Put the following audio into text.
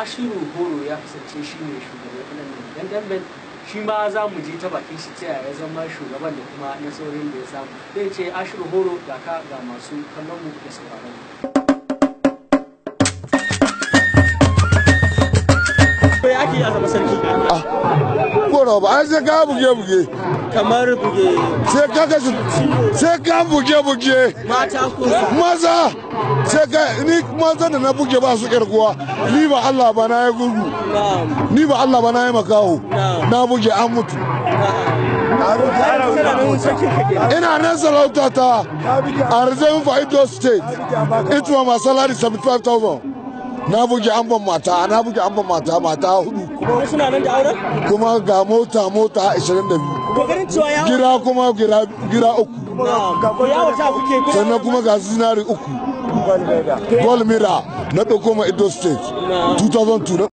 ashiru horo ya kasance shi ne shugaban ɗanɗan dan damben shi ma za mu je ta bakin shi ta ya zama shugaban da kuma na nasarorin da ya samu zai ce ashiru horo ga ka ga masu kallon mu da sauraron mu. Ko ake yi a zama sarki? Ah, ko ba, an sai ka buge-buge. kamar buge sai ka kashi sai ka buge buge mata maza sai ka ni maza da na buge ba su kirkuwa ni ba Allah ba na yi gurgu ni ba Allah ba na yi makawo na buge an mutu ina nan sarauta ta arzai ito state ito ma salari 75,000 na buge amban mata na buge amban mata mata hudu kuma suna nan da auren kuma ga mota mota 22 gira kuma gira gira uku sannan kuma ga zinari uku gold medal na ɗauko ma edo state 2002